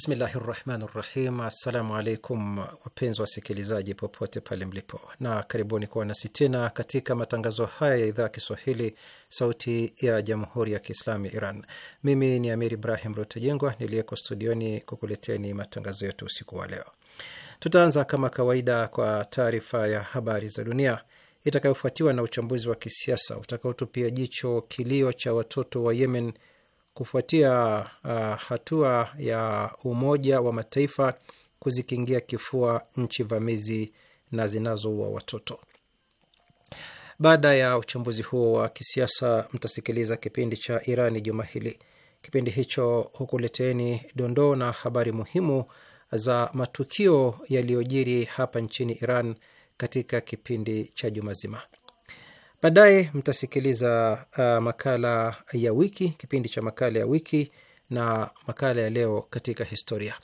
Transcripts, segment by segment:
Bismillahi rahmani rahim. Assalamu alaikum wapenzi wasikilizaji popote pale mlipo, na karibuni kuwa nasi tena katika matangazo haya ya idhaa ya Kiswahili sauti ya jamhuri ya Kiislamu ya Iran. Mimi ni Amir Ibrahim Rutajengwa niliyeko studioni kukuleteni matangazo yetu usiku wa leo. Tutaanza kama kawaida kwa taarifa ya habari za dunia itakayofuatiwa na uchambuzi wa kisiasa utakaotupia jicho kilio cha watoto wa Yemen kufuatia uh, hatua ya Umoja wa Mataifa kuzikingia kifua nchi vamizi na zinazoua watoto. Baada ya uchambuzi huo wa kisiasa, mtasikiliza kipindi cha Irani juma hili. Kipindi hicho hukuleteni dondoo na habari muhimu za matukio yaliyojiri hapa nchini Iran katika kipindi cha juma zima. Baadaye mtasikiliza uh, makala ya wiki, kipindi cha makala ya wiki na makala ya leo katika historia.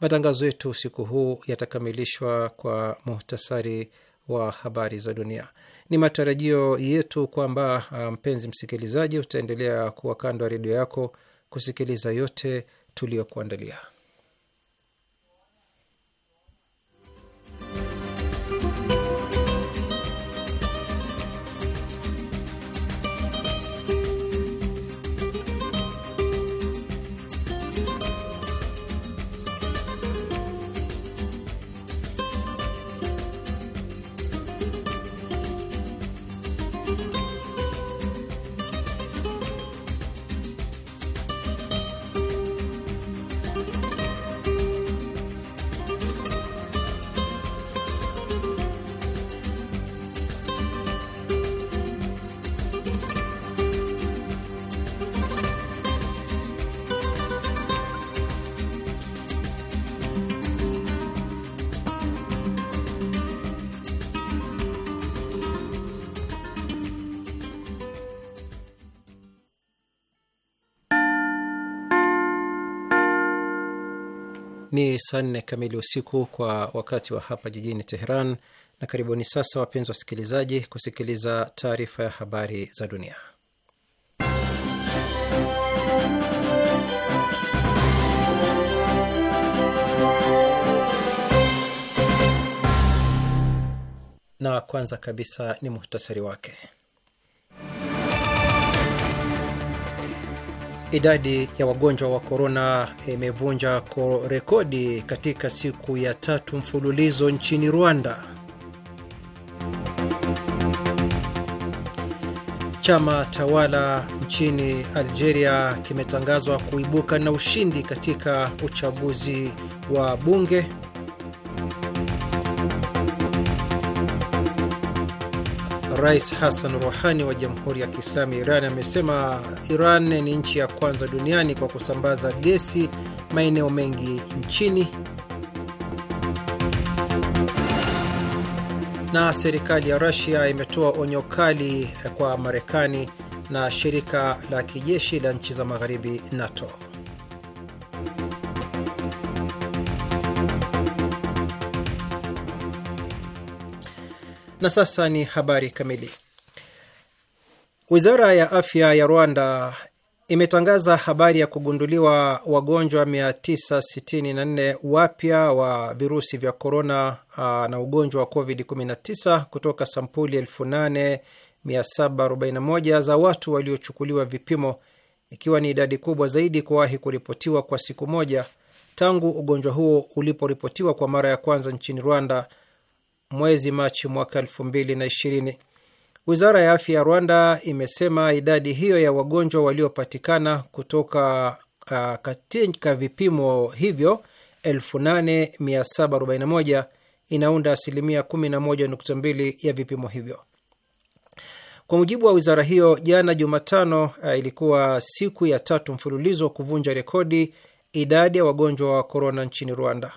Matangazo yetu usiku huu yatakamilishwa kwa muhtasari wa habari za dunia. Ni matarajio yetu kwamba uh, mpenzi um, msikilizaji utaendelea kuwa kando ya redio yako kusikiliza yote tuliyokuandalia. Ni saa nne kamili usiku kwa wakati wa hapa jijini Teheran, na karibuni sasa, wapenzi wasikilizaji, kusikiliza taarifa ya habari za dunia. Na kwanza kabisa ni muhtasari wake. Idadi ya wagonjwa wa korona imevunja rekodi katika siku ya tatu mfululizo nchini Rwanda. Chama tawala nchini Algeria kimetangazwa kuibuka na ushindi katika uchaguzi wa bunge. Rais Hassan Rouhani wa Jamhuri ya Kiislamu ya Iran amesema Iran ni nchi ya kwanza duniani kwa kusambaza gesi maeneo mengi nchini. Na serikali ya Russia imetoa onyo kali kwa Marekani na shirika la kijeshi la nchi za Magharibi NATO. Na sasa ni habari kamili. Wizara ya afya ya Rwanda imetangaza habari ya kugunduliwa wagonjwa 964 wapya wa virusi vya korona uh, na ugonjwa wa COVID-19 kutoka sampuli 8741 za watu waliochukuliwa vipimo, ikiwa ni idadi kubwa zaidi kuwahi kuripotiwa kwa siku moja tangu ugonjwa huo uliporipotiwa kwa mara ya kwanza nchini Rwanda mwezi Machi mwaka ishirini. Wizara ya afya ya Rwanda imesema idadi hiyo ya wagonjwa waliopatikana kutoka uh, katika vipimo hivyo 8741 inaunda asilimia 11.2 ya vipimo hivyo. Kwa mujibu wa wizara hiyo, jana Jumatano uh, ilikuwa siku ya tatu mfululizo kuvunja rekodi idadi ya wagonjwa wa korona nchini Rwanda.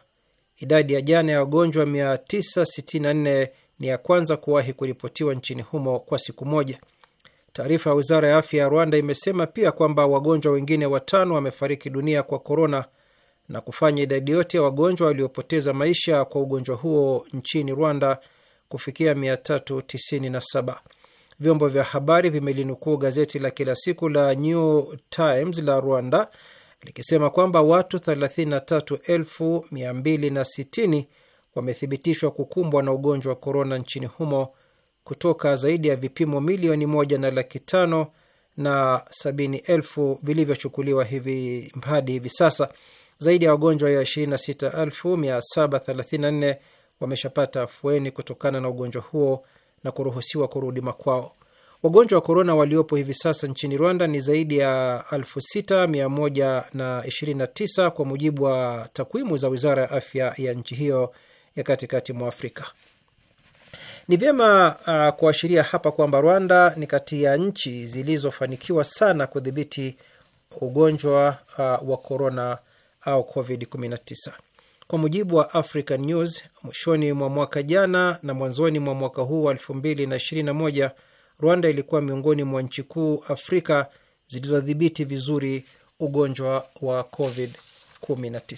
Idadi ya jana ya wagonjwa 964 ni ya kwanza kuwahi kuripotiwa nchini humo kwa siku moja. Taarifa ya wizara ya afya ya Rwanda imesema pia kwamba wagonjwa wengine watano wamefariki dunia kwa korona na kufanya idadi yote ya wagonjwa waliopoteza maisha kwa ugonjwa huo nchini Rwanda kufikia 397. Vyombo vya habari vimelinukuu gazeti la kila siku la New Times la Rwanda likisema kwamba watu 33,260 wamethibitishwa kukumbwa na ugonjwa wa korona nchini humo kutoka zaidi ya vipimo milioni moja na laki tano na sabini elfu vilivyochukuliwa hivi hadi hivi sasa. Zaidi ya wagonjwa ya 26,734 wameshapata afueni kutokana na ugonjwa huo na kuruhusiwa kurudi makwao. Wagonjwa wa korona waliopo hivi sasa nchini Rwanda ni zaidi ya 6129 kwa mujibu wa takwimu za wizara ya afya ya nchi hiyo ya katikati mwa Afrika. Ni vyema uh, kuashiria hapa kwamba Rwanda ni kati ya nchi zilizofanikiwa sana kudhibiti ugonjwa uh, wa korona au COVID-19. Kwa mujibu wa African News, mwishoni mwa mwaka jana na mwanzoni mwa mwaka huu wa 2021 Rwanda ilikuwa miongoni mwa nchi kuu Afrika zilizodhibiti vizuri ugonjwa wa COVID-19.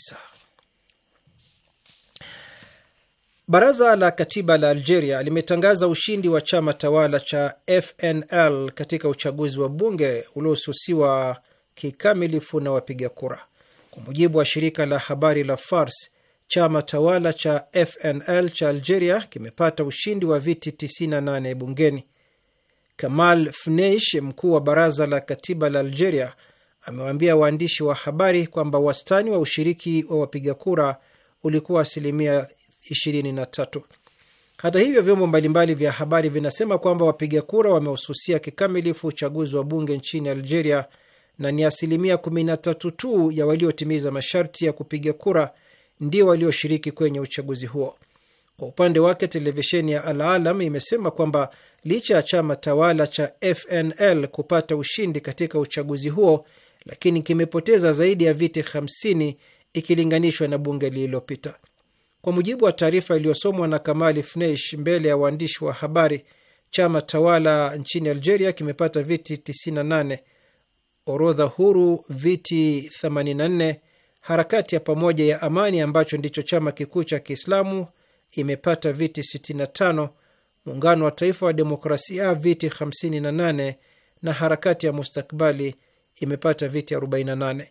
Baraza la katiba la Algeria limetangaza ushindi wa chama tawala cha FNL katika uchaguzi wa bunge uliosusiwa kikamilifu na wapiga kura. Kwa mujibu wa shirika la habari la Fars, chama tawala cha FNL cha Algeria kimepata ushindi wa viti 98 bungeni. Kamal Fneish, mkuu wa baraza la katiba la Algeria, amewaambia waandishi wa habari kwamba wastani wa ushiriki wa wapiga kura ulikuwa asilimia 23. Hata hivyo, vyombo mbalimbali vya habari vinasema kwamba wapiga kura wamehususia kikamilifu uchaguzi wa bunge nchini Algeria na ni asilimia 13 tu ya waliotimiza masharti ya kupiga kura ndio walioshiriki kwenye uchaguzi huo. Kwa upande wake televisheni ya Al Alam imesema kwamba licha ya chama tawala cha FNL kupata ushindi katika uchaguzi huo, lakini kimepoteza zaidi ya viti 50 ikilinganishwa na bunge lililopita. Kwa mujibu wa taarifa iliyosomwa na Kamali Fneish mbele ya waandishi wa habari, chama tawala nchini Algeria kimepata viti 98, orodha huru viti 84, harakati ya pamoja ya amani ambacho ndicho chama kikuu cha Kiislamu imepata viti 65 muungano wa taifa wa demokrasia viti 58 na harakati ya mustakbali imepata viti 48.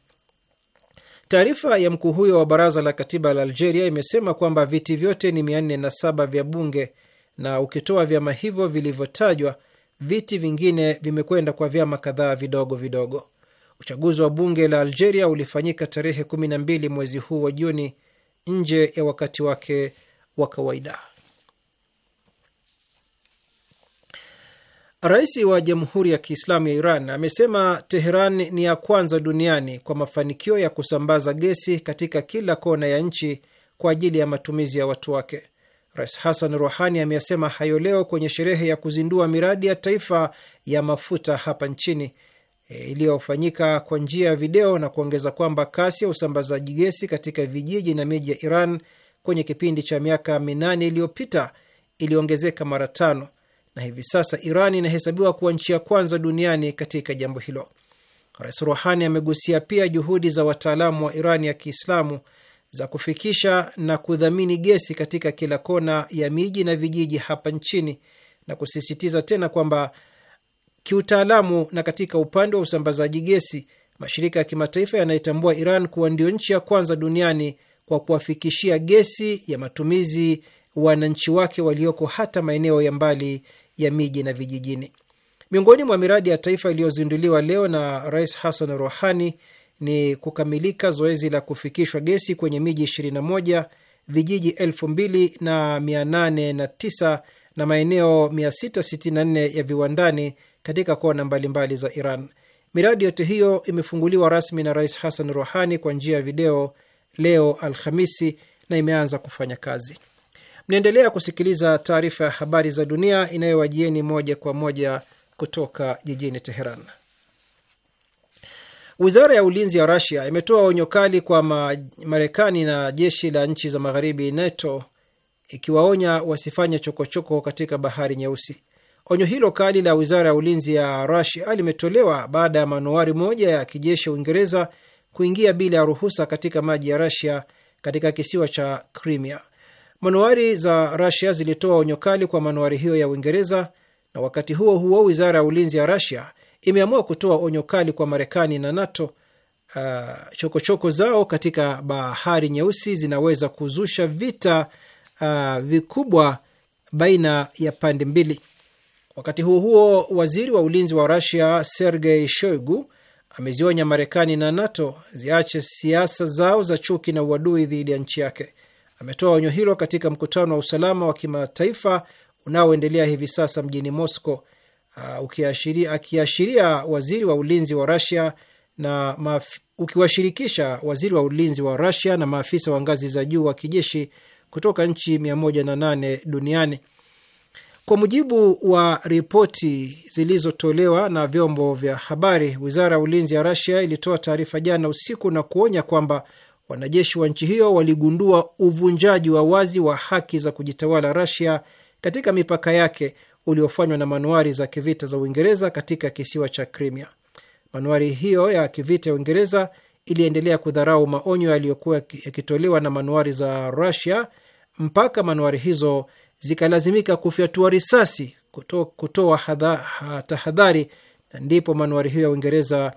Taarifa ya mkuu huyo wa baraza la katiba la Algeria imesema kwamba viti vyote ni 407 vya bunge na ukitoa vyama hivyo vilivyotajwa, viti vingine vimekwenda kwa vyama kadhaa vidogo vidogo. Uchaguzi wa bunge la Algeria ulifanyika tarehe 12 mwezi huu wa Juni nje ya wakati wake wa kawaida. Rais wa Jamhuri ya Kiislamu ya Iran amesema Teheran ni ya kwanza duniani kwa mafanikio ya kusambaza gesi katika kila kona ya nchi kwa ajili ya matumizi ya watu wake. Rais Hassan Rouhani ameyasema hayo leo kwenye sherehe ya kuzindua miradi ya taifa ya mafuta hapa nchini e, iliyofanyika kwa njia ya video na kuongeza kwamba kasi ya usambazaji gesi katika vijiji na miji ya Iran kwenye kipindi cha miaka minane iliyopita iliongezeka mara tano na hivi sasa Iran inahesabiwa kuwa nchi ya kwanza duniani katika jambo hilo. Rais Rohani amegusia pia juhudi za wataalamu wa Iran ya Kiislamu za kufikisha na kudhamini gesi katika kila kona ya miji na vijiji hapa nchini na kusisitiza tena kwamba kiutaalamu na katika upande wa usambazaji gesi, mashirika ya kimataifa yanayetambua Iran kuwa ndio nchi ya kwanza duniani kwa kuwafikishia gesi ya matumizi wananchi wake walioko hata maeneo ya mbali ya miji na vijijini. Miongoni mwa miradi ya taifa iliyozinduliwa leo na Rais Hassan Rouhani ni kukamilika zoezi la kufikishwa gesi kwenye miji 21 vijiji 2809 na na maeneo 664 ya viwandani katika kona mbalimbali za Iran. Miradi yote hiyo imefunguliwa rasmi na Rais Hassan Rouhani kwa njia ya video leo Alhamisi na imeanza kufanya kazi. Mnaendelea kusikiliza taarifa ya habari za dunia inayowajieni moja kwa moja kutoka jijini Teheran. Wizara ya ulinzi ya Rasia imetoa onyo kali kwa Marekani na jeshi la nchi za magharibi NATO, ikiwaonya wasifanye chokochoko katika bahari Nyeusi. Onyo hilo kali la wizara ya ulinzi ya Rasia limetolewa baada ya manuari moja ya kijeshi ya Uingereza kuingia bila ya ruhusa katika maji ya Rasia katika kisiwa cha Crimea. Manuari za Rasia zilitoa onyo kali kwa manuari hiyo ya Uingereza, na wakati huo huo wizara ya ulinzi ya Rasia imeamua kutoa onyo kali kwa Marekani na NATO. Ah, chokochoko uh, choko zao katika bahari nyeusi zinaweza kuzusha vita uh, vikubwa baina ya pande mbili. Wakati huo huo, waziri wa ulinzi wa Rasia Sergei Shoigu amezionya Marekani na NATO ziache siasa zao za chuki na uadui dhidi ya nchi yake. Ametoa onyo hilo katika mkutano wa usalama wa kimataifa unaoendelea hivi sasa mjini Moscow, uh, akiashiria waziri wa ulinzi wa Russia na maf... ukiwashirikisha waziri wa ulinzi wa rasia na maafisa wa ngazi za juu wa kijeshi kutoka nchi 108 duniani. Kwa mujibu wa ripoti zilizotolewa na vyombo vya habari, wizara ya ulinzi ya rasia ilitoa taarifa jana usiku na kuonya kwamba wanajeshi wa nchi hiyo waligundua uvunjaji wa wazi wa haki za kujitawala Rasia katika mipaka yake uliofanywa na manuari za kivita za Uingereza katika kisiwa cha Crimea. Manuari hiyo ya kivita ya Uingereza iliendelea kudharau maonyo yaliyokuwa yakitolewa na manuari za Rusia mpaka manuari hizo zikalazimika kufyatua risasi kuto, kutoa tahadhari, na ndipo manuari hiyo ya Uingereza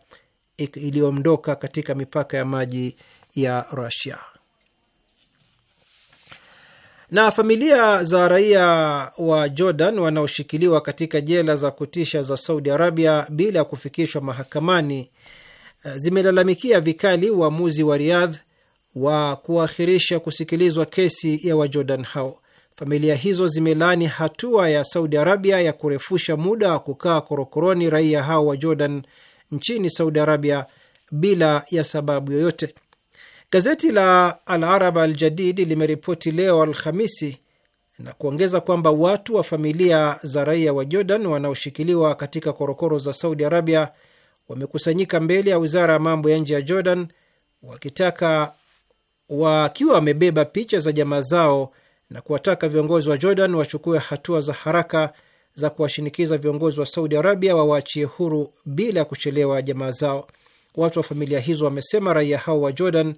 iliondoka katika mipaka ya maji ya Russia. Na familia za raia wa Jordan wanaoshikiliwa katika jela za kutisha za Saudi Arabia bila ya kufikishwa mahakamani eh, zimelalamikia vikali uamuzi wa, Riyadh wa kuakhirisha kusikilizwa kesi ya Wajordan hao. Familia hizo zimelaani hatua ya Saudi Arabia ya kurefusha muda wa kukaa korokoroni raia hao wa Jordan nchini Saudi Arabia bila ya sababu yoyote. Gazeti la Al Arab Al Jadid limeripoti leo Alhamisi na kuongeza kwamba watu wa familia za raia wa Jordan wanaoshikiliwa katika korokoro za Saudi Arabia wamekusanyika mbele ya wizara ya mambo ya nje ya Jordan wakitaka wakiwa wamebeba picha za jamaa zao na kuwataka viongozi wa Jordan wachukue hatua za haraka za kuwashinikiza viongozi wa Saudi Arabia wawaachie huru bila ya kuchelewa jamaa zao. Watu wa familia hizo wamesema raia hao wa Jordan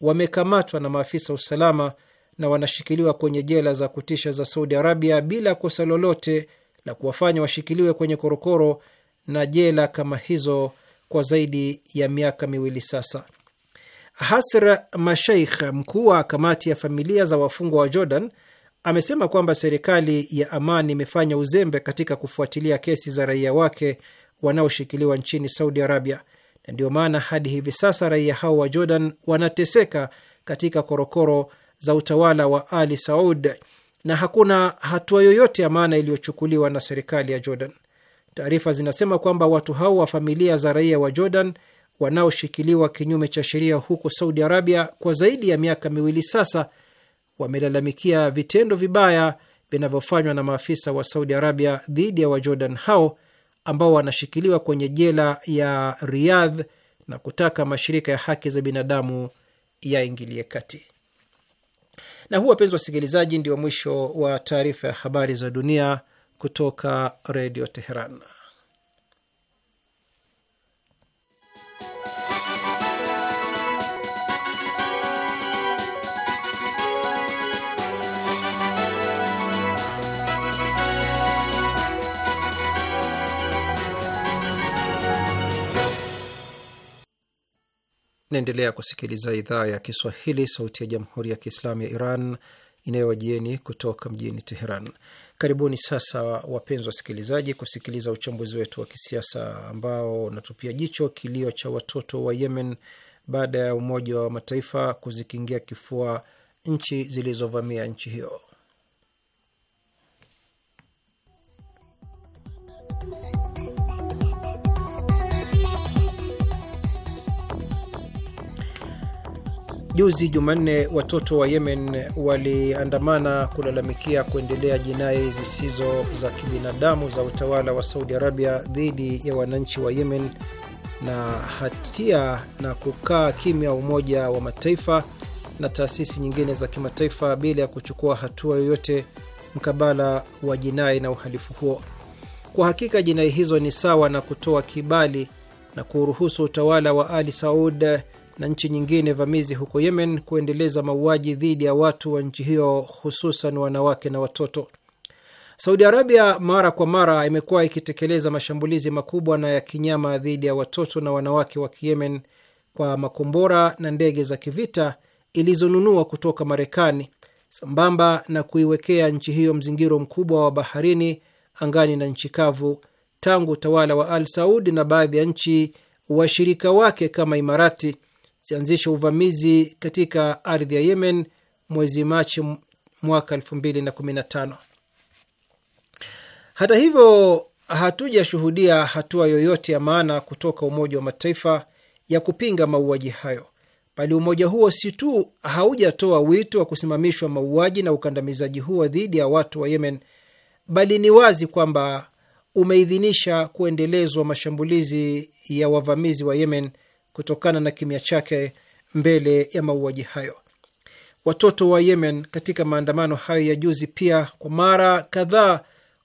wamekamatwa na maafisa usalama na wanashikiliwa kwenye jela za kutisha za Saudi Arabia bila kosa lolote la kuwafanya washikiliwe kwenye korokoro na jela kama hizo kwa zaidi ya miaka miwili sasa. Hasra Masheikh, mkuu wa kamati ya familia za wafungwa wa Jordan, amesema kwamba serikali ya Amani imefanya uzembe katika kufuatilia kesi za raia wake wanaoshikiliwa nchini Saudi Arabia na ndiyo maana hadi hivi sasa raia hao wa Jordan wanateseka katika korokoro za utawala wa Ali Saud na hakuna hatua yoyote ya maana iliyochukuliwa na serikali ya Jordan. Taarifa zinasema kwamba watu hao wa familia za raia wa Jordan wanaoshikiliwa kinyume cha sheria huko Saudi Arabia kwa zaidi ya miaka miwili sasa wamelalamikia vitendo vibaya vinavyofanywa na maafisa wa Saudi Arabia dhidi ya Wajordan hao ambao wanashikiliwa kwenye jela ya Riyadh na kutaka mashirika ya haki za binadamu yaingilie kati. Na huu, wapenzi wasikilizaji, ndio mwisho wa taarifa ya habari za dunia kutoka Redio Teheran. Naendelea kusikiliza idhaa ya Kiswahili, sauti ya jamhuri ya kiislamu ya Iran inayowajieni kutoka mjini Teheran. Karibuni sasa, wapenzi wasikilizaji, kusikiliza uchambuzi wetu wa kisiasa ambao unatupia jicho kilio cha watoto wa Yemen baada ya Umoja wa Mataifa kuzikingia kifua nchi zilizovamia nchi hiyo. Juzi Jumanne, watoto wa Yemen waliandamana kulalamikia kuendelea jinai zisizo za kibinadamu za utawala wa Saudi Arabia dhidi ya wananchi wa Yemen na hatia na kukaa kimya Umoja wa Mataifa na taasisi nyingine za kimataifa bila ya kuchukua hatua yoyote mkabala wa jinai na uhalifu huo. Kwa hakika jinai hizo ni sawa na kutoa kibali na kuruhusu utawala wa Ali Saud na nchi nyingine vamizi huko Yemen kuendeleza mauaji dhidi ya watu wa nchi hiyo, hususan wanawake na watoto. Saudi Arabia mara kwa mara imekuwa ikitekeleza mashambulizi makubwa na ya kinyama dhidi ya watoto na wanawake wa Kiyemen kwa makombora na ndege za kivita ilizonunua kutoka Marekani, sambamba na kuiwekea nchi hiyo mzingiro mkubwa wa baharini, angani na nchi kavu tangu utawala wa Al Saud na baadhi ya nchi washirika wake kama Imarati zianzishe uvamizi katika ardhi ya Yemen mwezi Machi mwaka 2015. Hata hivyo, hatujashuhudia hatua yoyote ya maana kutoka Umoja wa Mataifa ya kupinga mauaji hayo, bali umoja huo si tu haujatoa wito wa kusimamishwa mauaji na ukandamizaji huo dhidi ya watu wa Yemen, bali ni wazi kwamba umeidhinisha kuendelezwa mashambulizi ya wavamizi wa Yemen kutokana na kimya chake mbele ya mauaji hayo. Watoto wa Yemen katika maandamano hayo ya juzi pia kwa mara kadhaa,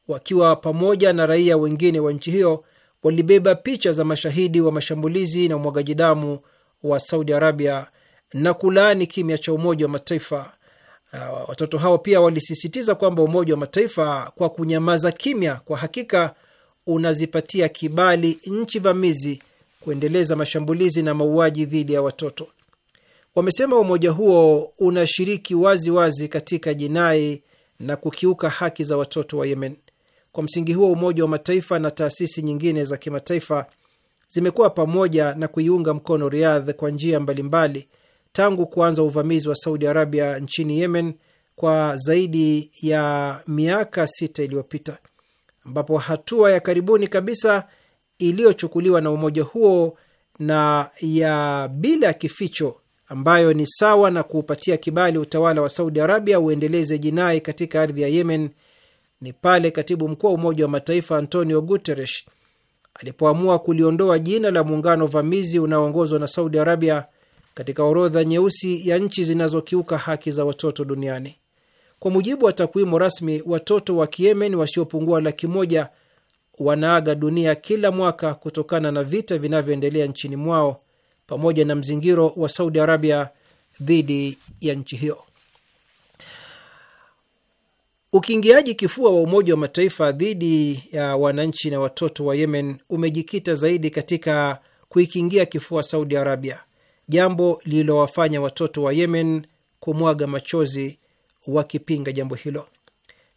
wakiwa pamoja na raia wengine wa nchi hiyo, walibeba picha za mashahidi wa mashambulizi na umwagaji damu wa Saudi Arabia na kulaani kimya cha Umoja wa Mataifa. Uh, watoto hao pia walisisitiza kwamba Umoja wa Mataifa kwa kunyamaza kimya, kwa hakika unazipatia kibali nchi vamizi kuendeleza mashambulizi na mauaji dhidi ya watoto. Wamesema umoja huo unashiriki wazi wazi katika jinai na kukiuka haki za watoto wa Yemen. Kwa msingi huo, Umoja wa Mataifa na taasisi nyingine za kimataifa zimekuwa pamoja na kuiunga mkono riadh kwa njia mbalimbali tangu kuanza uvamizi wa Saudi Arabia nchini Yemen kwa zaidi ya miaka sita iliyopita, ambapo hatua ya karibuni kabisa iliyochukuliwa na umoja huo na ya bila kificho ambayo ni sawa na kuupatia kibali utawala wa Saudi Arabia uendeleze jinai katika ardhi ya Yemen ni pale katibu mkuu wa Umoja wa Mataifa Antonio Guterres alipoamua kuliondoa jina la muungano vamizi unaoongozwa na Saudi Arabia katika orodha nyeusi ya nchi zinazokiuka haki za watoto duniani. Kwa mujibu wa takwimu rasmi, watoto wa Kiyemen wasiopungua laki moja wanaaga dunia kila mwaka kutokana na vita vinavyoendelea nchini mwao pamoja na mzingiro wa Saudi Arabia dhidi ya nchi hiyo. Ukiingiaji kifua wa Umoja wa Mataifa dhidi ya wananchi na watoto wa Yemen umejikita zaidi katika kuikingia kifua Saudi Arabia, jambo lililowafanya watoto wa Yemen kumwaga machozi wakipinga jambo hilo.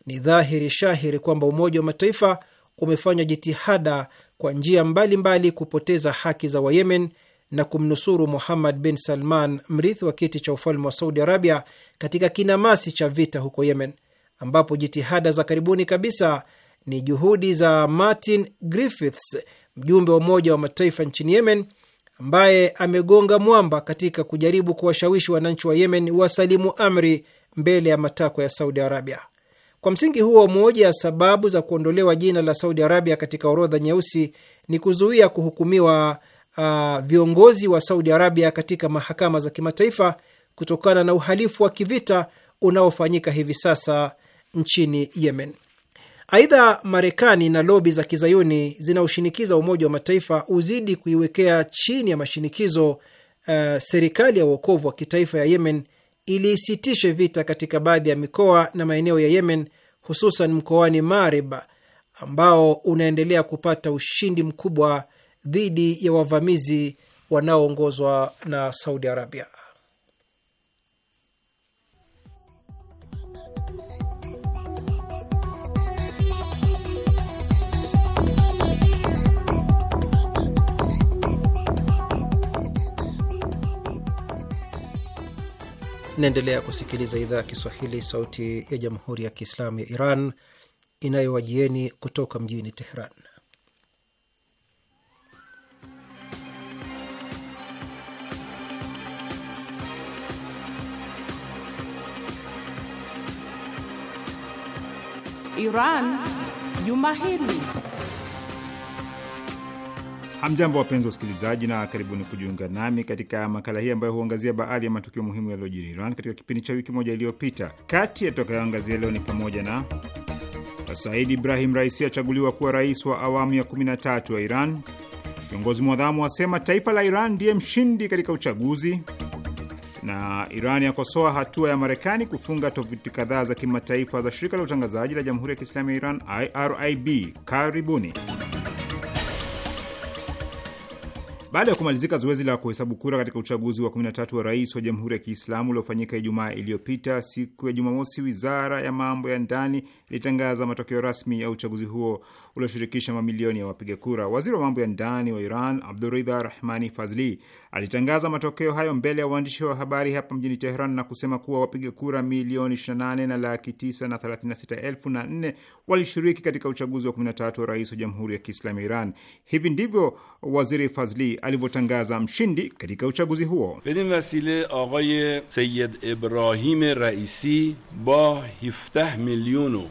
Ni dhahiri shahiri kwamba Umoja wa Mataifa umefanya jitihada kwa njia mbalimbali mbali kupoteza haki za Wayemen na kumnusuru Muhammad bin Salman, mrithi wa kiti cha ufalme wa Saudi Arabia, katika kinamasi cha vita huko Yemen, ambapo jitihada za karibuni kabisa ni juhudi za Martin Griffiths, mjumbe wa Umoja wa Mataifa nchini Yemen, ambaye amegonga mwamba katika kujaribu kuwashawishi wananchi wa Yemen wasalimu amri mbele ya matakwa ya Saudi Arabia. Kwa msingi huo, moja ya sababu za kuondolewa jina la Saudi Arabia katika orodha nyeusi ni kuzuia kuhukumiwa uh, viongozi wa Saudi Arabia katika mahakama za kimataifa kutokana na uhalifu wa kivita unaofanyika hivi sasa nchini Yemen. Aidha, Marekani na lobi za kizayuni zinaoshinikiza Umoja wa Mataifa uzidi kuiwekea chini ya mashinikizo uh, serikali ya uokovu wa kitaifa ya Yemen ili isitishe vita katika baadhi ya mikoa na maeneo ya Yemen, hususan mkoani Marib ambao unaendelea kupata ushindi mkubwa dhidi ya wavamizi wanaoongozwa na Saudi Arabia. Naendelea kusikiliza idhaa ya Kiswahili, sauti ya jamhuri ya kiislamu ya Iran inayowajieni kutoka mjini Teheran. Iran Juma Hili. Hamjambo, wapenzi wa usikilizaji, na karibuni kujiunga nami katika makala hii ambayo huangazia baadhi ya matukio muhimu yaliyojiri Iran katika kipindi cha wiki moja iliyopita. Kati yatakayoangazia leo ni pamoja na Said Ibrahim Raisi achaguliwa kuwa rais wa awamu ya 13 wa Iran, viongozi mwadhamu asema taifa la Iran ndiye mshindi katika uchaguzi, na Iran yakosoa hatua ya Marekani kufunga tovuti kadhaa za kimataifa za shirika la utangazaji la Jamhuri ya Kiislamu ya Iran, IRIB. Karibuni. Baada ya kumalizika zoezi la kuhesabu kura katika uchaguzi wa 13 wa rais wa Jamhuri ya Kiislamu uliofanyika Ijumaa iliyopita, siku ya Jumamosi, wizara ya mambo ya ndani ilitangaza matokeo rasmi ya uchaguzi huo ulioshirikisha mamilioni ya wapiga kura. Waziri wa mambo ya ndani wa Iran, Abduridha Rahmani Fazli, alitangaza matokeo hayo mbele ya waandishi wa habari hapa mjini Teheran na kusema kuwa wapiga kura milioni 28 na laki 9 na 36 elfu na 4 walishiriki katika uchaguzi wa 13 wa rais wa Jamhuri ya Kiislamu ya Iran. Hivi ndivyo waziri Fazli alivyotangaza mshindi katika uchaguzi huo. bedin vasile Ibrahim Raisi ba 17 milioni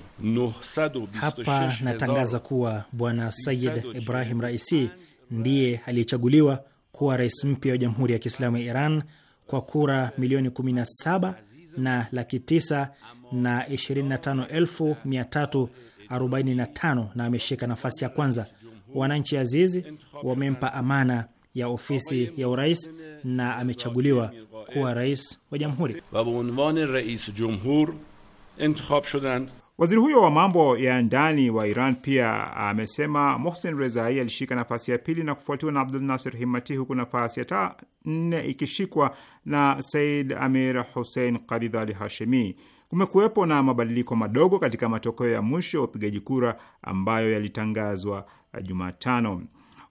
hapa natangaza kuwa bwana Sayid Ibrahim Raisi ndiye aliyechaguliwa kuwa rais mpya wa Jamhuri ya Kiislamu ya Iran kwa kura milioni 17 na laki 9 na 25345 na ameshika nafasi ya kwanza. Wananchi azizi wamempa amana ya ofisi ya urais na amechaguliwa kuwa rais wa jamhuri. Waziri huyo wa mambo ya ndani wa Iran pia amesema Mohsen Rezai alishika nafasi ya pili na kufuatiwa na Abdul Nasir Himati, huku nafasi ya nne ikishikwa na Said Amir Hussein Kadhidhali Hashemi. Kumekuwepo na mabadiliko madogo katika matokeo ya mwisho ya upigaji kura ambayo yalitangazwa Jumatano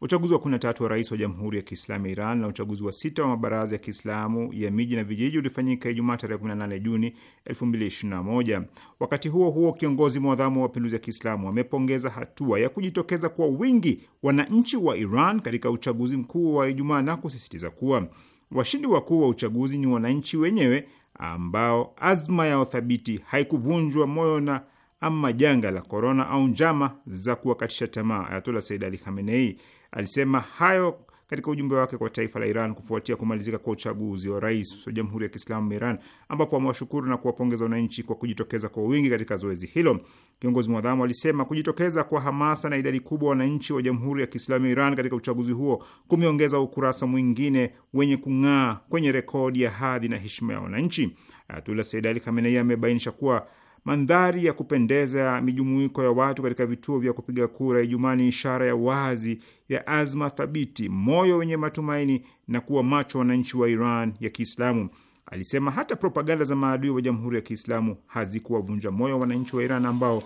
uchaguzi wa 13 wa rais wa Jamhuri ya Kiislamu ya Iran na uchaguzi wa sita wa mabaraza ya Kiislamu ya miji na vijiji ulifanyika Ijumaa tarehe 18 Juni 2021. Wakati huo huo, kiongozi mwadhamu wa mapinduzi ya Kiislamu wamepongeza hatua ya kujitokeza kwa wingi wananchi wa Iran katika uchaguzi mkuu wa Ijumaa na kusisitiza kuwa washindi wakuu wa uchaguzi ni wananchi wenyewe ambao azma yao thabiti haikuvunjwa moyo na ama janga la korona au njama za kuwakatisha tamaa Ayatola Said Ali Khamenei Alisema hayo katika ujumbe wake kwa taifa la Iran kufuatia kumalizika kwa uchaguzi wa rais wa Jamhuri ya Kiislamu Iran, ambapo amewashukuru na kuwapongeza wananchi kwa kujitokeza kwa wingi katika zoezi hilo. Kiongozi mwadhamu alisema kujitokeza kwa hamasa na idadi kubwa wananchi wa Jamhuri ya Kiislamu Iran katika uchaguzi huo kumeongeza ukurasa mwingine wenye kung'aa kwenye rekodi ya hadhi na heshima ya wananchi. Ayatullah Sayyid Ali Khamenei amebainisha kuwa Mandhari ya kupendeza ya mijumuiko ya watu katika vituo vya kupiga kura Ijumaa ni ishara ya wazi ya azma thabiti, moyo wenye matumaini na kuwa macho wananchi wa Iran ya Kiislamu. Alisema hata propaganda za maadui wa Jamhuri ya Kiislamu hazikuwavunja moyo wananchi wa Iran ambao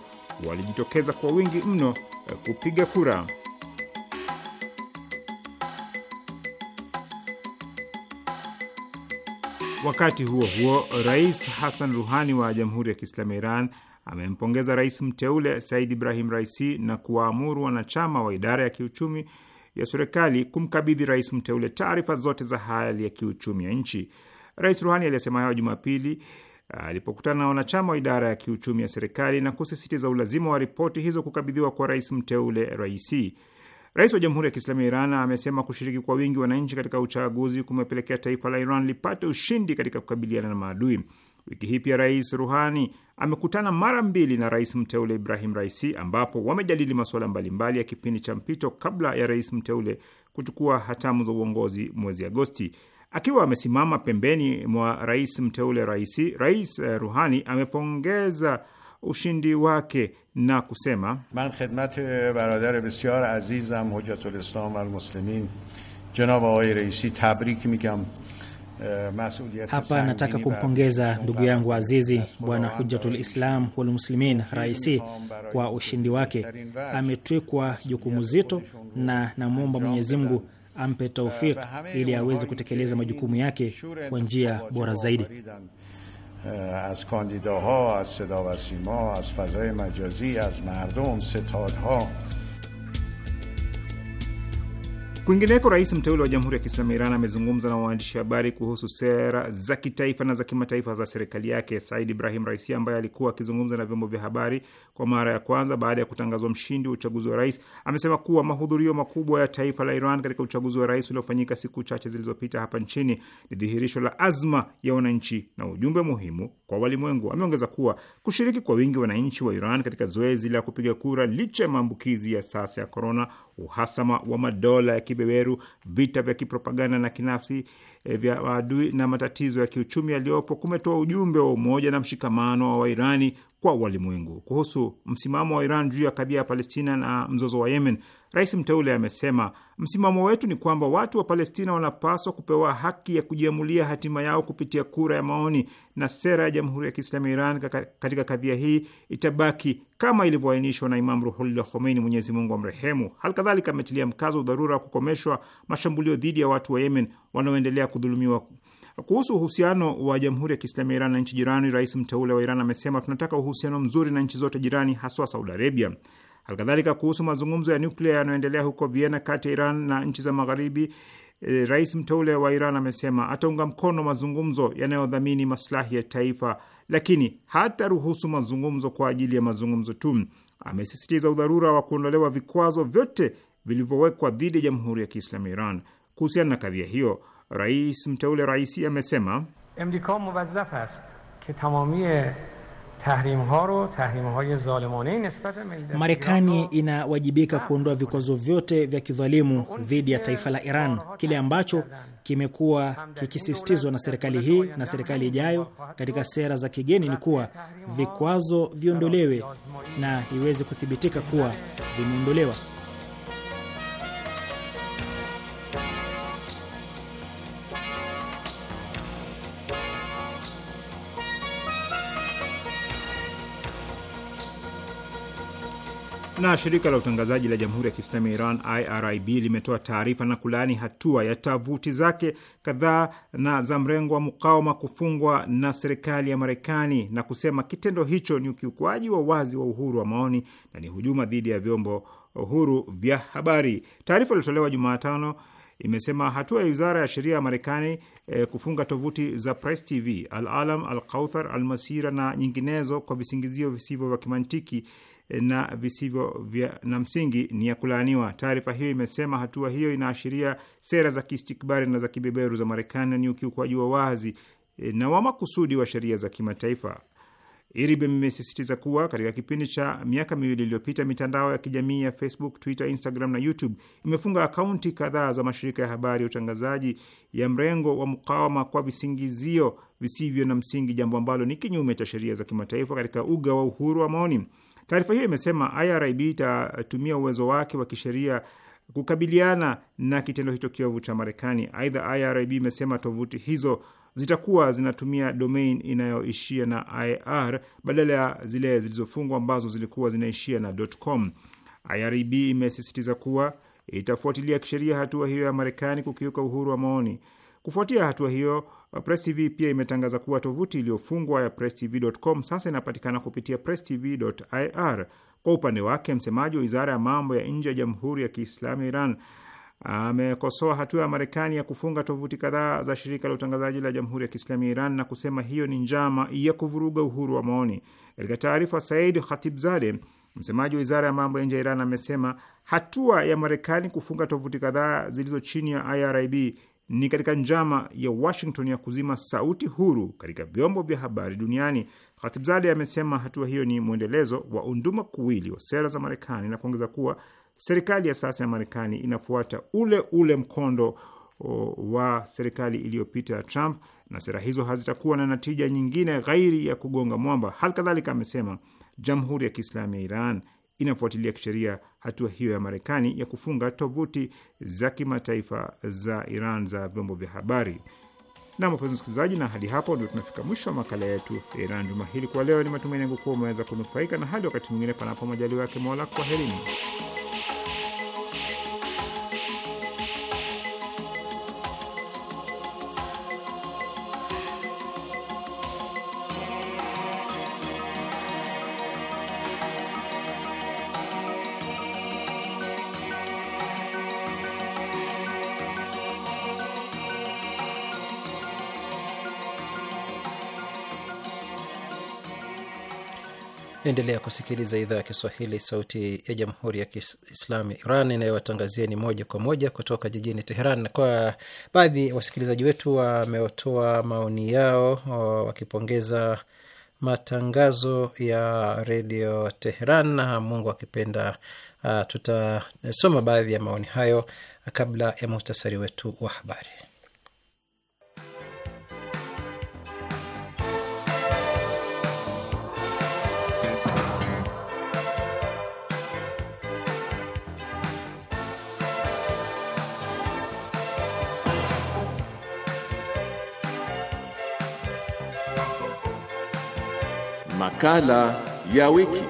walijitokeza kwa wingi mno kupiga kura. Wakati huo huo, Rais Hassan Ruhani wa Jamhuri ya Kiislamu ya Iran amempongeza rais mteule Said Ibrahim Raisi na kuwaamuru wanachama wa idara ya kiuchumi ya serikali kumkabidhi rais mteule taarifa zote za hali ya kiuchumi ya nchi. Rais Ruhani aliyesema hayo Jumapili uh, alipokutana na wanachama wa idara ya kiuchumi ya serikali na kusisitiza ulazima wa ripoti hizo kukabidhiwa kwa rais mteule Raisi. Rais wa Jamhuri ya Kiislamu ya Iran amesema kushiriki kwa wingi wananchi katika uchaguzi kumepelekea taifa la Iran lipate ushindi katika kukabiliana na maadui. Wiki hii pia Rais Ruhani amekutana mara mbili na rais mteule Ibrahim Raisi, ambapo wamejadili masuala mbalimbali ya kipindi cha mpito kabla ya rais mteule kuchukua hatamu za uongozi mwezi Agosti. Akiwa amesimama pembeni mwa rais mteule Raisi, Rais eh, Ruhani amepongeza ushindi wake na kusema, man khidmat eh, baradar besyar azizam hujjatul islam wal muslimin janab aghay raisi tabrik migam eh, hapa nataka kumpongeza ndugu yangu azizi Bwana Hujjatul Islam wal Muslimin Raisi kwa ushindi wake. Ametwikwa jukumu zito, na namwomba Mwenyezi Mungu ampe eh, taufik ili aweze kutekeleza majukumu yake kwa njia bora zaidi. از کاندیداها از صدا و سیما از فضای مجازی از مردم ستادها Kwingineko, rais mteule wa Jamhuri ya Kiislamu ya Iran amezungumza na waandishi habari kuhusu sera za kitaifa na za kimataifa za serikali yake. Said Ibrahim Raisi, ambaye alikuwa akizungumza na vyombo vya habari kwa mara ya kwanza baada ya kutangazwa mshindi wa uchaguzi wa rais, amesema kuwa mahudhurio makubwa ya taifa la Iran katika uchaguzi wa rais uliofanyika siku chache zilizopita hapa nchini ni dhihirisho la azma ya wananchi na ujumbe muhimu kwa walimwengu. Ameongeza kuwa kushiriki kwa wingi wananchi wa Iran katika zoezi la kupiga kura licha ya maambukizi ya sasa ya korona uhasama wa madola ya kibeberu, vita vya kipropaganda na kinafsi e, vya maadui na matatizo ya kiuchumi yaliyopo kumetoa ujumbe wa umoja na mshikamano wa Wairani kwa walimwengu. Kuhusu msimamo wa Iran juu ya kadhia ya Palestina na mzozo wa Yemen, Rais mteule amesema msimamo wetu ni kwamba watu wa Palestina wanapaswa kupewa haki ya kujiamulia hatima yao kupitia kura ya maoni, na sera ya Jamhuri ya Kiislamu ya Iran katika kadhia hii itabaki kama ilivyoainishwa na Imam Ruhullah Khomeini, Mwenyezi Mungu amrehemu. Halikadhalika ametilia mkazo udharura wa kukomeshwa mashambulio dhidi ya watu wa Yemen wanaoendelea kudhulumiwa. Kuhusu uhusiano wa Jamhuri ya Kiislamu ya Iran na nchi jirani, rais mteule wa Iran amesema tunataka uhusiano mzuri na nchi zote jirani, haswa Saudi Arabia. Alkadhalika, kuhusu mazungumzo ya nyuklia yanayoendelea huko Vienna kati ya Iran na nchi za Magharibi, e, rais mteule wa Iran amesema ataunga mkono mazungumzo yanayodhamini maslahi ya taifa, lakini hataruhusu mazungumzo kwa ajili ya mazungumzo tu. Amesisitiza udharura wa kuondolewa vikwazo vyote vilivyowekwa dhidi ya Jamhuri ya Kiislamu Iran. Kuhusiana na kadhia hiyo, rais mteule Raisi amesema ast ke tamami Marekani inawajibika kuondoa vikwazo vyote vya kidhalimu dhidi ya taifa la Iran, kile ambacho kimekuwa kikisisitizwa na serikali hii na serikali ijayo katika sera za kigeni ni kuwa vikwazo viondolewe na iweze kuthibitika kuwa vimeondolewa. Na shirika la utangazaji la Jamhuri ya Kiislamu ya Iran IRIB limetoa taarifa na kulaani hatua ya tavuti zake kadhaa na za mrengo wa mukawama kufungwa na serikali ya Marekani na kusema kitendo hicho ni ukiukwaji wa wazi wa uhuru wa maoni na ni hujuma dhidi ya vyombo uhuru vya habari. Taarifa iliyotolewa Jumatano imesema hatua ya wizara ya sheria ya Marekani eh, kufunga tovuti za Press TV, Al Alam, Al Kauthar, Al Masira na nyinginezo kwa visingizio visivyo vya kimantiki Eh, na visivyo vya na msingi ni ya kulaaniwa. Taarifa hiyo imesema hatua hiyo inaashiria sera za kiistikbari na za kibeberu za Marekani na ni ukiukwaji wa wazi eh, na wa makusudi wa sheria za kimataifa. IRIB imesisitiza kuwa katika kipindi cha miaka miwili iliyopita mitandao ya kijamii ya Facebook, Twitter, Instagram na YouTube imefunga akaunti kadhaa za mashirika ya habari ya utangazaji ya mrengo wa mukawama kwa visingizio visivyo na msingi, jambo ambalo ni kinyume cha sheria za kimataifa katika uga wa uhuru wa maoni. Taarifa hiyo imesema IRIB itatumia uwezo wake wa kisheria kukabiliana na kitendo hicho kiovu cha Marekani. Aidha, IRIB imesema tovuti hizo zitakuwa zinatumia domain inayoishia na ir badala ya zile zilizofungwa ambazo zilikuwa zinaishia na .com. IRIB imesisitiza kuwa itafuatilia kisheria hatua hiyo ya Marekani kukiuka uhuru wa maoni. Kufuatia hatua hiyo, Press TV pia imetangaza kuwa tovuti iliyofungwa ya presstv.com sasa inapatikana kupitia presstv.ir. Kwa upande wake, msemaji wa wizara ya mambo ya nje ya Jamhuri ya Kiislamu ya Iran amekosoa hatua ya Marekani ya kufunga tovuti kadhaa za shirika la utangazaji la Jamhuri ya Kiislamu ya Iran na kusema hiyo ni njama ya kuvuruga uhuru wa maoni. Katika taarifa, Said Khatibzadeh, msemaji wa wizara ya mambo ya nje ya Iran, amesema hatua ya Marekani kufunga tovuti kadhaa zilizo chini ya IRIB ni katika njama ya Washington ya kuzima sauti huru katika vyombo vya habari duniani. khatibzade amesema hatua hiyo ni mwendelezo wa unduma kuwili wa sera za Marekani na kuongeza kuwa serikali ya sasa ya Marekani inafuata ule ule mkondo wa serikali iliyopita ya Trump na sera hizo hazitakuwa na natija nyingine ghairi ya kugonga mwamba. Hali kadhalika amesema Jamhuri ya Kiislamu ya Iran inafuatilia kisheria hatua hiyo ya Marekani ya kufunga tovuti za kimataifa za Iran za vyombo vya habari. Na wapenzi msikilizaji, na hadi hapo ndio tunafika mwisho wa makala yetu ya Iran juma hili kwa leo. Ni matumaini yangu kuwa umeweza kunufaika, na hadi wakati mwingine, panapo majaliwa yake Mola, kwaherini. Naendelea kusikiliza idhaa ya Kiswahili, sauti ya jamhuri ya kiislamu ya Iran inayowatangazieni moja kwa moja kutoka jijini Teheran. Kwa baadhi ya wasikilizaji wetu wametoa maoni yao wakipongeza matangazo ya redio Teheran, na Mungu akipenda tutasoma baadhi ya maoni hayo kabla ya muhtasari wetu wa habari. Makala ya wiki.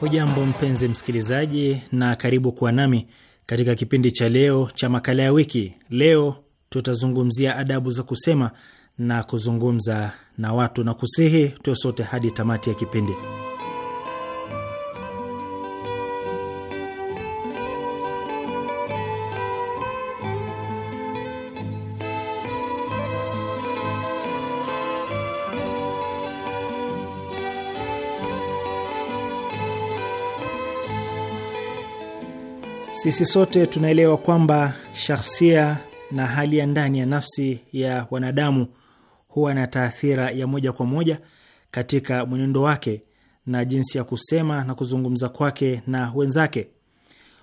Hujambo mpenzi msikilizaji, na karibu kuwa nami katika kipindi cha leo cha makala ya wiki. Leo tutazungumzia adabu za kusema na kuzungumza na watu, na kusihi tuwe sote hadi tamati ya kipindi. Sisi sote tunaelewa kwamba shahsia na hali ya ndani ya nafsi ya wanadamu huwa na taathira ya moja kwa moja katika mwenendo wake na jinsi ya kusema na kuzungumza kwake na wenzake.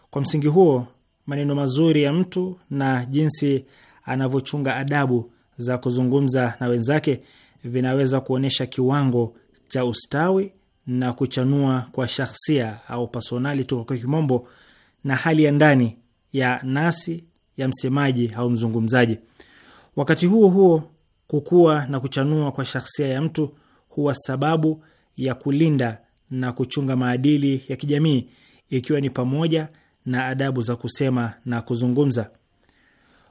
Kwa msingi huo, maneno mazuri ya mtu na jinsi anavyochunga adabu za kuzungumza na wenzake vinaweza kuonyesha kiwango cha ustawi na kuchanua kwa shahsia au personality kwa kimombo na hali ya ndani ya nasi ya msemaji au mzungumzaji. Wakati huo huo, kukua na kuchanua kwa shakhsia ya mtu huwa sababu ya kulinda na kuchunga maadili ya kijamii, ikiwa ni pamoja na adabu za kusema na kuzungumza.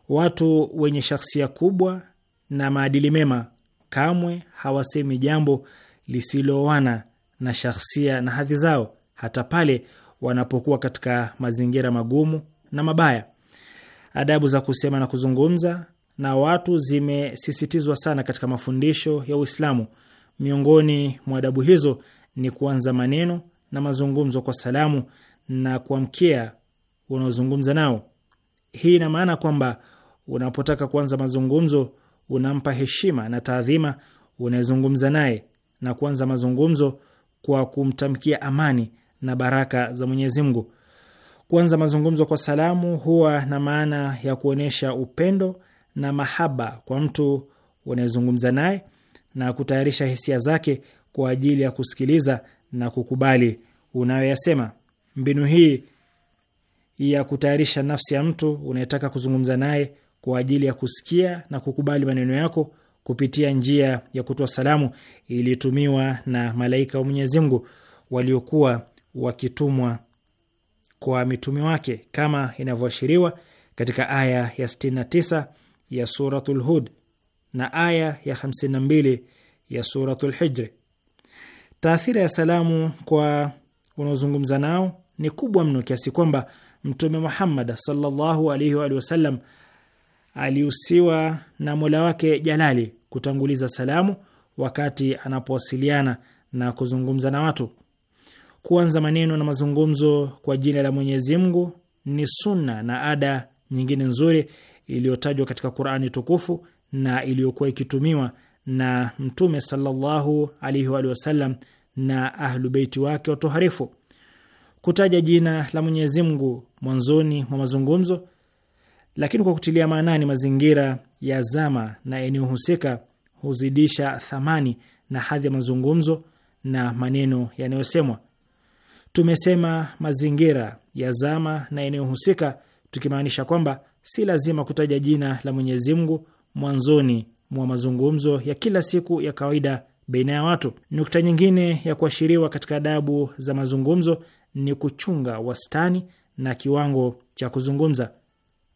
Watu wenye shakhsia kubwa na maadili mema kamwe hawasemi jambo lisiloana na shakhsia na hadhi zao, hata pale wanapokuwa katika mazingira magumu na mabaya. Adabu za kusema na kuzungumza na watu zimesisitizwa sana katika mafundisho ya Uislamu. Miongoni mwa adabu hizo ni kuanza maneno na mazungumzo kwa salamu na kuamkia unaozungumza nao. Hii ina maana kwamba unapotaka kuanza mazungumzo, unampa heshima na taadhima unayezungumza naye na kuanza mazungumzo kwa kumtamkia amani na baraka za Mwenyezi Mungu. Kuanza mazungumzo kwa salamu huwa na maana ya kuonyesha upendo na mahaba kwa mtu unayezungumza naye na kutayarisha hisia zake kwa ajili ya kusikiliza na kukubali unayoyasema. Mbinu hii ya kutayarisha nafsi ya mtu unayetaka kuzungumza naye kwa ajili ya kusikia na kukubali maneno yako kupitia njia ya kutoa salamu ilitumiwa na malaika wa Mwenyezi Mungu waliokuwa wakitumwa kwa mitume wake kama inavyoashiriwa katika aya ya 69 ya Suratul Hud na aya ya 52 ya Suratul Hijri. Taathira ya salamu kwa unaozungumza nao ni kubwa mno kiasi kwamba Mtume Muhammad sallallahu alaihi wa aliusiwa na Mola wake jalali kutanguliza salamu wakati anapowasiliana na kuzungumza na watu kuanza maneno na mazungumzo kwa jina la Mwenyezi Mungu ni sunna na ada nyingine nzuri iliyotajwa katika Qur'ani tukufu na iliyokuwa ikitumiwa na Mtume sallallahu alaihi na ahlu beiti wake watoharifu. Kutaja jina la Mwenyezi Mungu mwanzoni mwa mazungumzo, lakini kwa kutilia maanani mazingira ya zama na eneo husika, huzidisha thamani na hadhi ya mazungumzo na maneno yanayosemwa. Tumesema mazingira ya zama na eneo husika, tukimaanisha kwamba si lazima kutaja jina la Mwenyezi Mungu mwanzoni mwa mazungumzo ya kila siku ya kawaida baina ya watu. Nukta nyingine ya kuashiriwa katika adabu za mazungumzo ni kuchunga wastani na kiwango cha kuzungumza.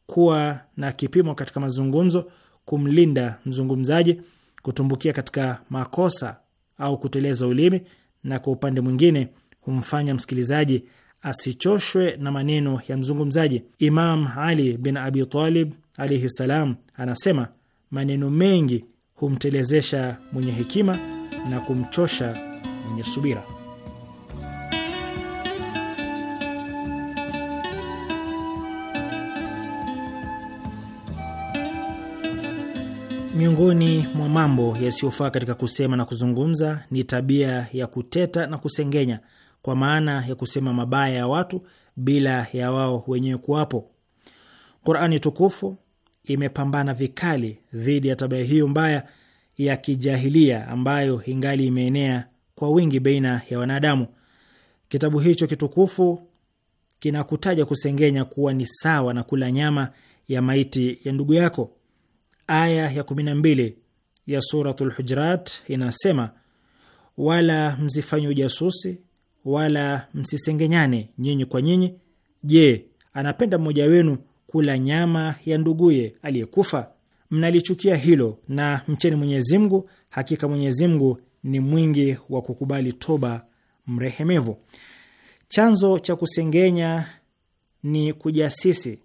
Kuwa na kipimo katika mazungumzo kumlinda mzungumzaji kutumbukia katika makosa au kuteleza ulimi, na kwa upande mwingine humfanya msikilizaji asichoshwe na maneno ya mzungumzaji. Imam Ali bin Abi Talib alaihi salam anasema maneno mengi humtelezesha mwenye hekima na kumchosha mwenye subira. Miongoni mwa mambo yasiyofaa katika kusema na kuzungumza ni tabia ya kuteta na kusengenya kwa maana ya kusema mabaya ya watu bila ya wao wenyewe kuwapo. Qurani tukufu imepambana vikali dhidi ya tabia hiyo mbaya ya kijahilia ambayo ingali imeenea kwa wingi baina ya wanadamu. Kitabu hicho kitukufu kinakutaja kusengenya kuwa ni sawa na kula nyama ya maiti ya ndugu yako. Aya ya 12 ya Suratul Hujurat inasema, wala msifanye ujasusi wala msisengenyane nyinyi kwa nyinyi. Je, anapenda mmoja wenu kula nyama ya nduguye aliyekufa? Mnalichukia hilo na mcheni Mwenyezi Mungu. Hakika Mwenyezi Mungu ni mwingi wa kukubali toba, mrehemevu. Chanzo cha kusengenya ni kujasisi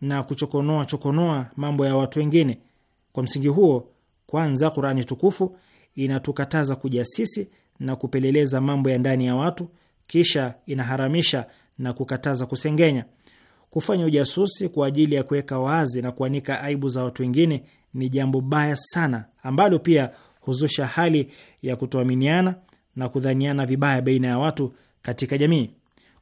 na kuchokonoa chokonoa mambo ya watu wengine. Kwa msingi huo, kwanza Qurani tukufu inatukataza kujasisi na kupeleleza mambo ya ndani ya watu kisha inaharamisha na kukataza kusengenya. Kufanya ujasusi kwa ajili ya kuweka wazi na kuanika aibu za watu wengine ni jambo baya sana, ambalo pia huzusha hali ya kutoaminiana na kudhaniana vibaya baina ya watu katika jamii.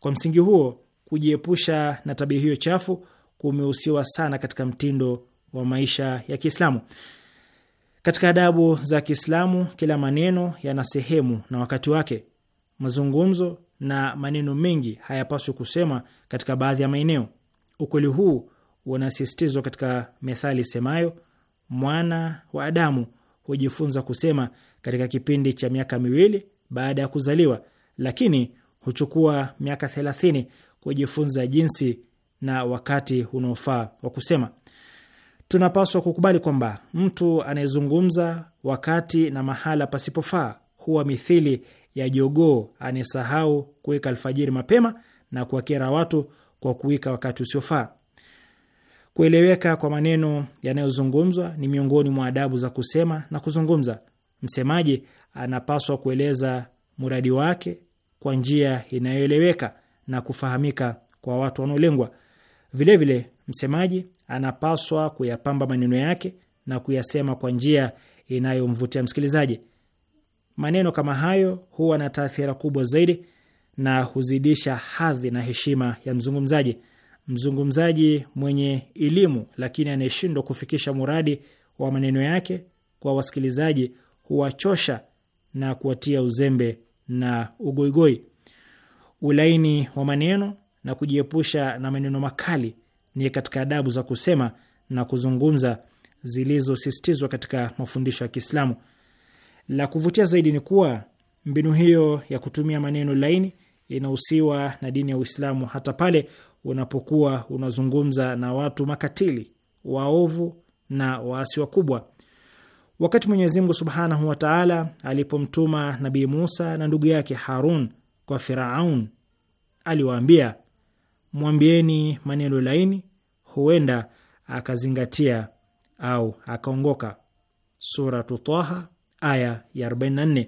Kwa msingi huo, kujiepusha na tabia hiyo chafu kumehusiwa sana katika mtindo wa maisha ya Kiislamu. Katika adabu za Kiislamu, kila maneno yana sehemu na wakati wake. Mazungumzo na maneno mengi hayapaswi kusema katika baadhi ya maeneo. Ukweli huu unasisitizwa katika methali semayo, mwana wa Adamu hujifunza kusema katika kipindi cha miaka miwili baada ya kuzaliwa, lakini huchukua miaka thelathini kujifunza jinsi na wakati unaofaa wa kusema. Tunapaswa kukubali kwamba mtu anayezungumza wakati na mahala pasipofaa huwa mithili ya jogoo anayesahau kuweka alfajiri mapema na kuwakera watu kwa kuwika wakati usiofaa. Kueleweka kwa maneno yanayozungumzwa ni miongoni mwa adabu za kusema na kuzungumza. Msemaji anapaswa kueleza mradi wake kwa njia inayoeleweka na kufahamika kwa watu wanaolengwa. Vilevile, msemaji anapaswa kuyapamba maneno yake na kuyasema kwa njia inayomvutia msikilizaji. Maneno kama hayo huwa na taathira kubwa zaidi na huzidisha hadhi na heshima ya mzungumzaji. Mzungumzaji mwenye elimu lakini anayeshindwa kufikisha muradi wa maneno yake kwa wasikilizaji huwachosha na kuwatia uzembe na ugoigoi. Ulaini wa maneno na kujiepusha na maneno makali ni katika adabu za kusema na kuzungumza zilizosisitizwa katika mafundisho ya Kiislamu. La kuvutia zaidi ni kuwa mbinu hiyo ya kutumia maneno laini inahusiwa na dini ya Uislamu hata pale unapokuwa unazungumza na watu makatili, waovu na waasi wakubwa. Wakati Mwenyezi Mungu Subhanahu wa Ta'ala alipomtuma Nabii Musa na ndugu yake Harun kwa Firaun, aliwaambia, mwambieni maneno laini, huenda akazingatia au akaongoka. Suratu Taha aya ya 44.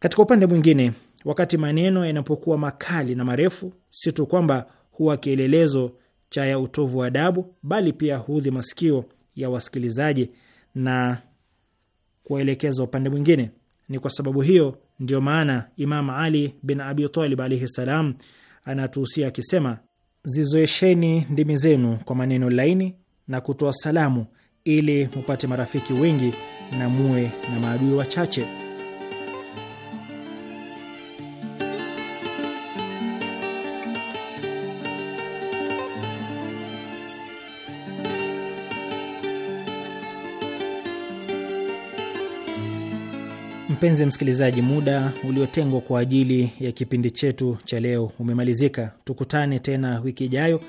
Katika upande mwingine, wakati maneno yanapokuwa makali na marefu, si tu kwamba huwa kielelezo cha ya utovu wa adabu, bali pia huudhi masikio ya wasikilizaji na kuwaelekeza upande mwingine. Ni kwa sababu hiyo ndiyo maana Imam Ali bin Abi Talib alaihi salam anatuhusia akisema, zizoesheni ndimi zenu kwa maneno laini na kutoa salamu ili mupate marafiki wengi na muwe na maadui wachache. Mpenzi msikilizaji, muda uliotengwa kwa ajili ya kipindi chetu cha leo umemalizika. Tukutane tena wiki ijayo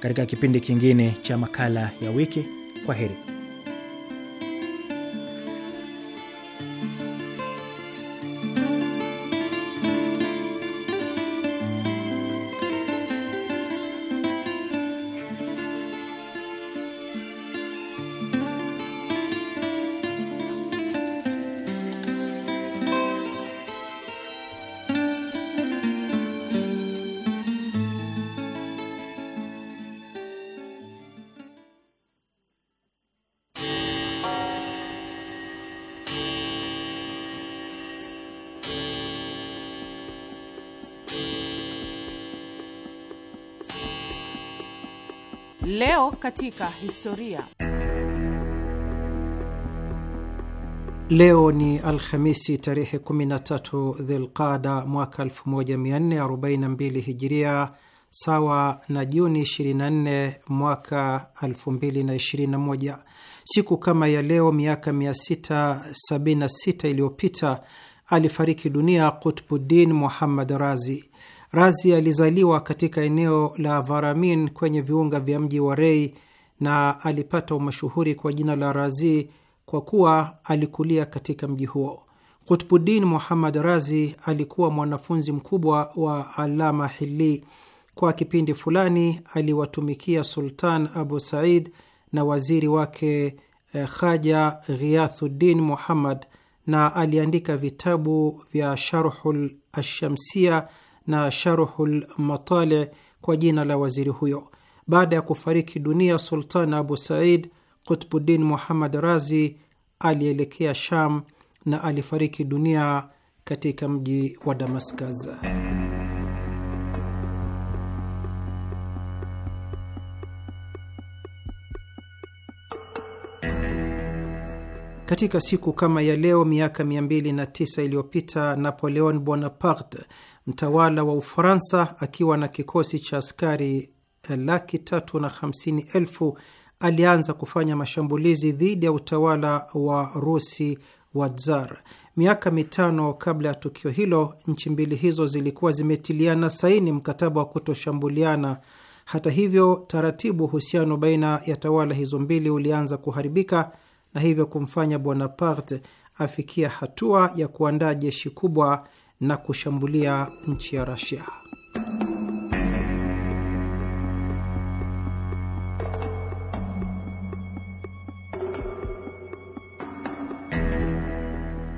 katika kipindi kingine cha makala ya wiki kwa heri. katika historia. Leo ni Alhamisi tarehe 13 Dhilqada mwaka 1442 Hijiria, sawa na Juni 24 mwaka 2021. Siku kama ya leo miaka 676 iliyopita alifariki dunia Kutbuddin Muhammad Razi, Razi alizaliwa katika eneo la Varamin kwenye viunga vya mji wa Rei na alipata umashuhuri kwa jina la Razi kwa kuwa alikulia katika mji huo. Kutbuddin Muhammad Razi alikuwa mwanafunzi mkubwa wa Alama Hili. Kwa kipindi fulani aliwatumikia Sultan Abu Said na waziri wake eh, Khaja Ghiyathuddin Muhammad, na aliandika vitabu vya Sharhul Ashamsia na Sharuhul Matale kwa jina la waziri huyo. Baada ya kufariki dunia Sultan Abu Said, Kutbuddin Muhammad Razi alielekea Sham na alifariki dunia katika mji wa Damaskas. Katika siku kama ya leo miaka 209 iliyopita Napoleon Bonaparte mtawala wa Ufaransa akiwa na kikosi cha askari eh, laki tatu na hamsini elfu alianza kufanya mashambulizi dhidi ya utawala wa Rusi wa Tsar. Miaka mitano kabla ya tukio hilo, nchi mbili hizo zilikuwa zimetiliana saini mkataba wa kutoshambuliana. Hata hivyo, taratibu uhusiano baina ya tawala hizo mbili ulianza kuharibika na hivyo kumfanya Bonaparte afikia hatua ya kuandaa jeshi kubwa na kushambulia nchi ya Rasia.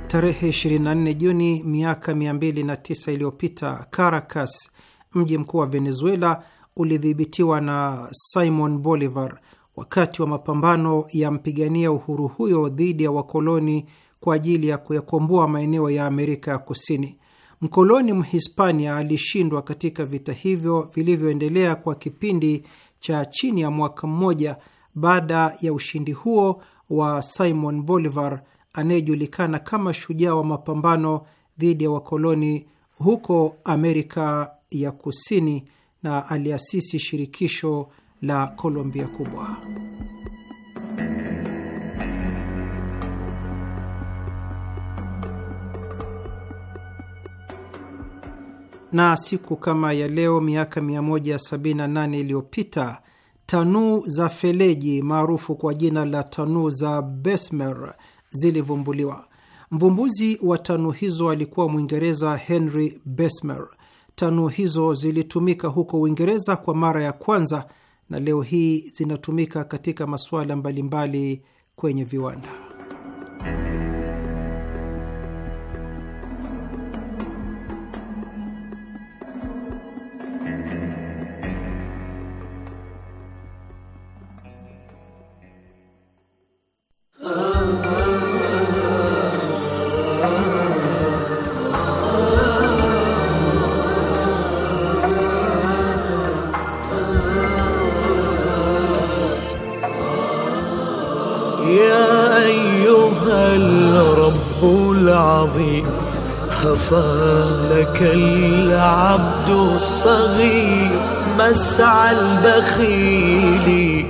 Tarehe 24 Juni miaka 209 iliyopita, Caracas, mji mkuu wa Venezuela, ulidhibitiwa na Simon Bolivar wakati wa mapambano ya mpigania uhuru huyo dhidi ya wakoloni kwa ajili ya kuyakomboa maeneo ya Amerika ya Kusini. Mkoloni Mhispania alishindwa katika vita hivyo vilivyoendelea kwa kipindi cha chini ya mwaka mmoja baada ya ushindi huo wa Simon Bolivar anayejulikana kama shujaa wa mapambano dhidi ya wakoloni huko Amerika ya Kusini na aliasisi shirikisho la Colombia Kubwa. na siku kama ya leo miaka 178 iliyopita tanuu za feleji maarufu kwa jina la tanuu za besmer zilivumbuliwa. Mvumbuzi wa tanuu hizo alikuwa Mwingereza Henry besmer Tanuu hizo zilitumika huko Uingereza kwa mara ya kwanza na leo hii zinatumika katika masuala mbalimbali kwenye viwanda. أسعى البخيل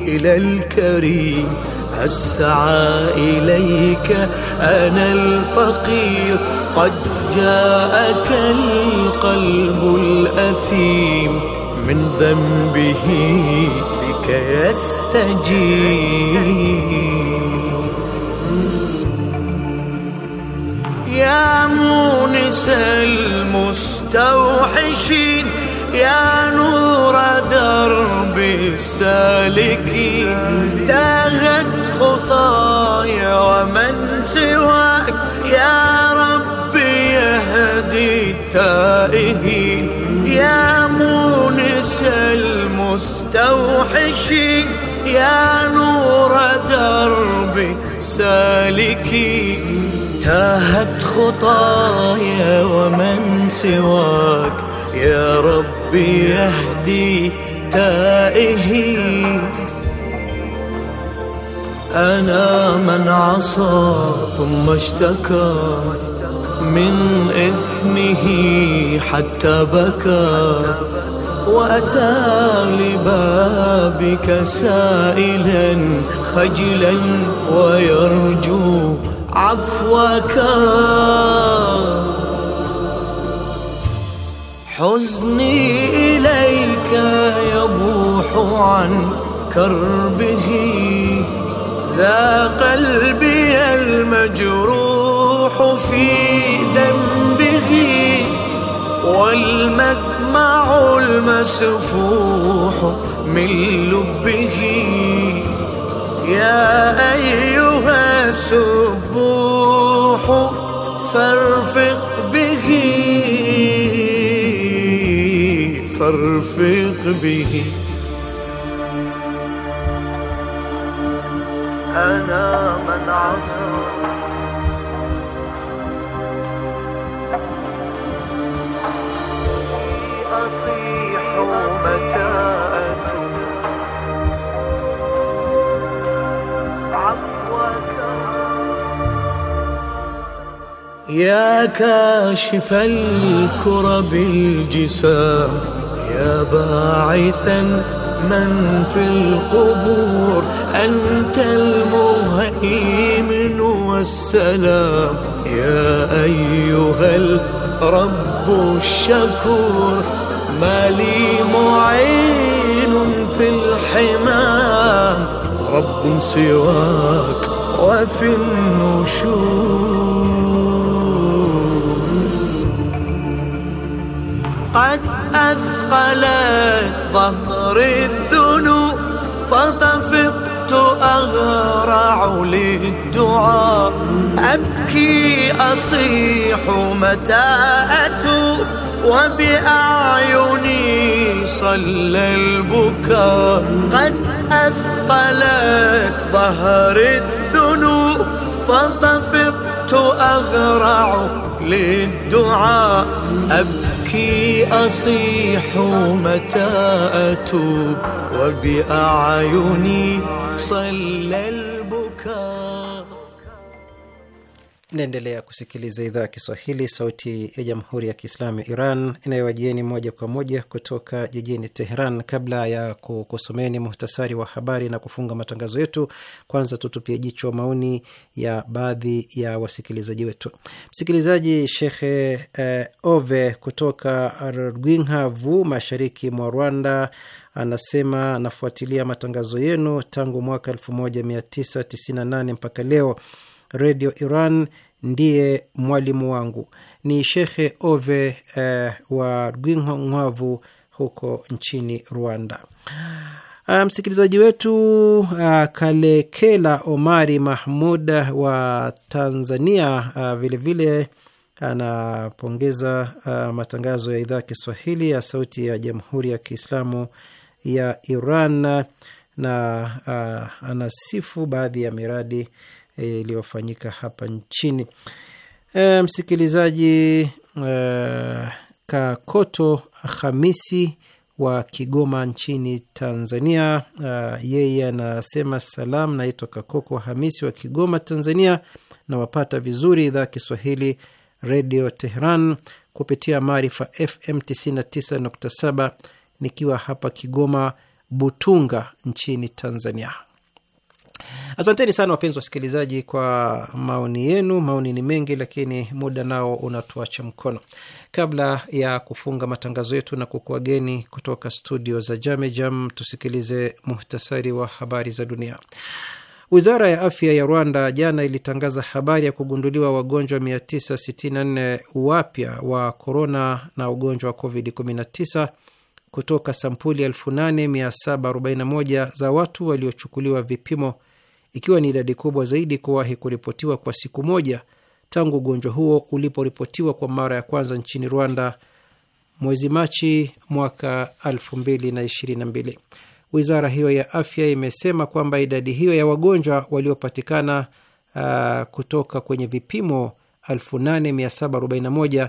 إلى الكريم أسعى إليك أنا الفقير قد جاءك القلب الأثيم من ذنبه بك يستجيب يا مونس المستوحشين يا نور درب السالكين تاهت خطايا ومن سواك يا ربي يهدي التائهين يا مونس المستوحشين يا نور درب سالكي تاهت خطايا ومن سواك يا رب بيهدي يهدي أنا من عصى ثم اشتكى من إثمه حتى بكى وأتى لبابك سائلا خجلا ويرجو عفوك حزني إليك يبوح عن كربه ذا قلبي المجروح في ذنبه والمدمع المسفوح من لبه يا أيها السبوح فارفق فارفق به أنا من عصى أصيح عفوك يا كاشف الكرب الجسام يا باعثا من في القبور أنت المهيمن والسلام يا أيها الرب الشكور ما لي معين في الحمام رب سواك وفي النشور قد أذ ثقلت ظهر الذنوب فطفقت أغرع للدعاء أبكي أصيح متى أتوب وبأعيني صلى البكاء قد أثقلت ظهر الذنوب فطفقت أغرع للدعاء أبكي أبكي أصيح متى أتوب وبأعيني صلى Mnaendelea kusikiliza idhaa ya Kiswahili, sauti ya jamhuri ya kiislamu ya Iran inayowajieni moja kwa moja kutoka jijini Teheran. Kabla ya kukusomeni muhtasari wa habari na kufunga matangazo yetu, kwanza tutupie jicho maoni ya baadhi ya wasikilizaji wetu. Msikilizaji Shekhe eh, Ove kutoka Rwinkavu, mashariki mwa Rwanda anasema anafuatilia matangazo yenu tangu mwaka 1998 mpaka leo Redio Iran ndiye mwalimu wangu, ni Shekhe Ove eh, wa Rwinkwavu huko nchini Rwanda. Ah, msikilizaji um, wetu uh, Kalekela Omari Mahmud wa Tanzania vilevile ah, uh, vile, anapongeza uh, matangazo ya idhaa ya Kiswahili ya Sauti ya Jamhuri ya Kiislamu ya Iran na uh, anasifu baadhi ya miradi Eh, iliyofanyika hapa nchini. E, msikilizaji e, Kakoto Hamisi wa Kigoma nchini Tanzania, e, yeye anasema salam, naitwa Kakoko Hamisi wa Kigoma Tanzania, nawapata vizuri idhaa Kiswahili Redio Tehran kupitia Maarifa FM 99.7 nikiwa hapa Kigoma Butunga nchini Tanzania. Asanteni sana wapenzi wasikilizaji kwa maoni yenu. Maoni ni mengi, lakini muda nao unatuacha mkono. Kabla ya kufunga matangazo yetu na kukuageni kutoka studio za Jamejam, tusikilize muhtasari wa habari za dunia. Wizara ya afya ya Rwanda jana ilitangaza habari ya kugunduliwa wagonjwa 964 wapya wa korona na ugonjwa wa COVID-19 kutoka sampuli 8741 za watu waliochukuliwa vipimo ikiwa ni idadi kubwa zaidi kuwahi kuripotiwa kwa siku moja tangu ugonjwa huo uliporipotiwa kwa mara ya kwanza nchini Rwanda mwezi Machi mwaka 2022. Wizara hiyo ya afya imesema kwamba idadi hiyo ya wagonjwa waliopatikana uh, kutoka kwenye vipimo 8741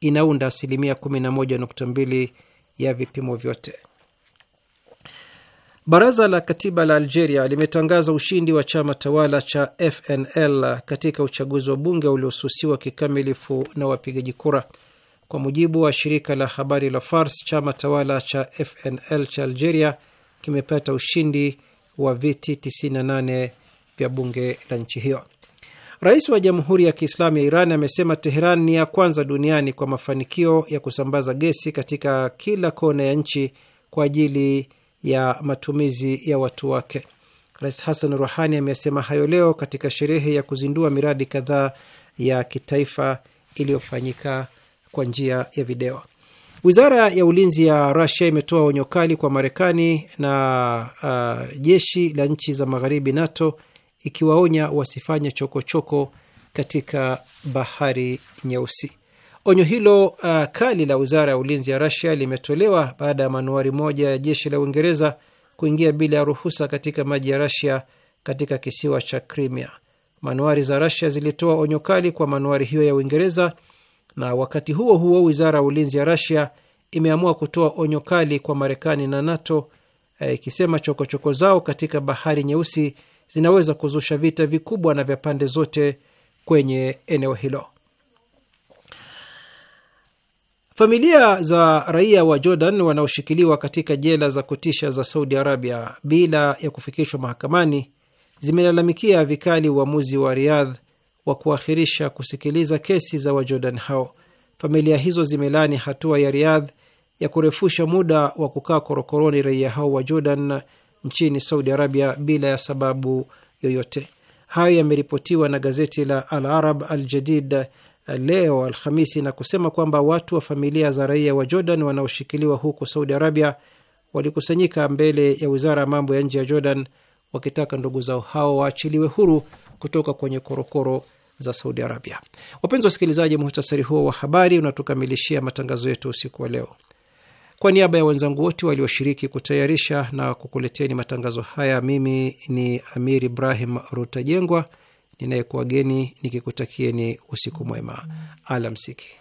inaunda asilimia 11.2 ya vipimo vyote. Baraza la katiba la Algeria limetangaza ushindi wa chama tawala cha FNL katika uchaguzi wa bunge uliosusiwa kikamilifu na wapigaji kura. Kwa mujibu wa shirika la habari la Fars, chama tawala cha FNL cha Algeria kimepata ushindi wa viti 98 vya bunge la nchi hiyo. Rais wa Jamhuri ya Kiislamu ya Iran amesema Teheran ni ya kwanza duniani kwa mafanikio ya kusambaza gesi katika kila kona ya nchi kwa ajili ya matumizi ya watu wake. Rais Hassan Rouhani amesema hayo leo katika sherehe ya kuzindua miradi kadhaa ya kitaifa iliyofanyika kwa njia ya video. Wizara ya ulinzi ya Rusia imetoa onyo kali kwa Marekani na uh, jeshi la nchi za magharibi NATO, ikiwaonya wasifanye chokochoko katika bahari Nyeusi. Onyo hilo uh, kali la wizara ya ulinzi ya Rasia limetolewa baada ya manuari moja ya jeshi la Uingereza kuingia bila ya ruhusa katika maji ya Rasia katika kisiwa cha Crimea. Manuari za Rasia zilitoa onyo kali kwa manuari hiyo ya Uingereza, na wakati huo huo wizara ya ulinzi ya Rasia imeamua kutoa onyo kali kwa Marekani na NATO eh, ikisema eh, chokochoko zao katika bahari nyeusi zinaweza kuzusha vita vikubwa na vya pande zote kwenye eneo hilo. Familia za raia wa Jordan wanaoshikiliwa katika jela za kutisha za Saudi Arabia bila ya kufikishwa mahakamani zimelalamikia vikali uamuzi wa Riyadh wa kuahirisha kusikiliza kesi za Wajordan hao. Familia hizo zimelani hatua ya Riyadh ya kurefusha muda wa kukaa korokoroni raia hao wa Jordan nchini Saudi Arabia bila ya sababu yoyote. Hayo yameripotiwa na gazeti la Al Arab Al Jadid leo Alhamisi na kusema kwamba watu wa familia za raia wa Jordan wanaoshikiliwa huko Saudi Arabia walikusanyika mbele ya wizara ya mambo ya nje ya Jordan wakitaka ndugu zao hao waachiliwe huru kutoka kwenye korokoro za Saudi Arabia. Wapenzi wasikilizaji, muhtasari huo wa habari unatukamilishia matangazo yetu usiku wa leo. Kwa niaba ya wenzangu wote walioshiriki kutayarisha na kukuleteni matangazo haya, mimi ni Amir Ibrahim Rutajengwa ninayekuwageni nikikutakieni usiku mwema. Alamsiki.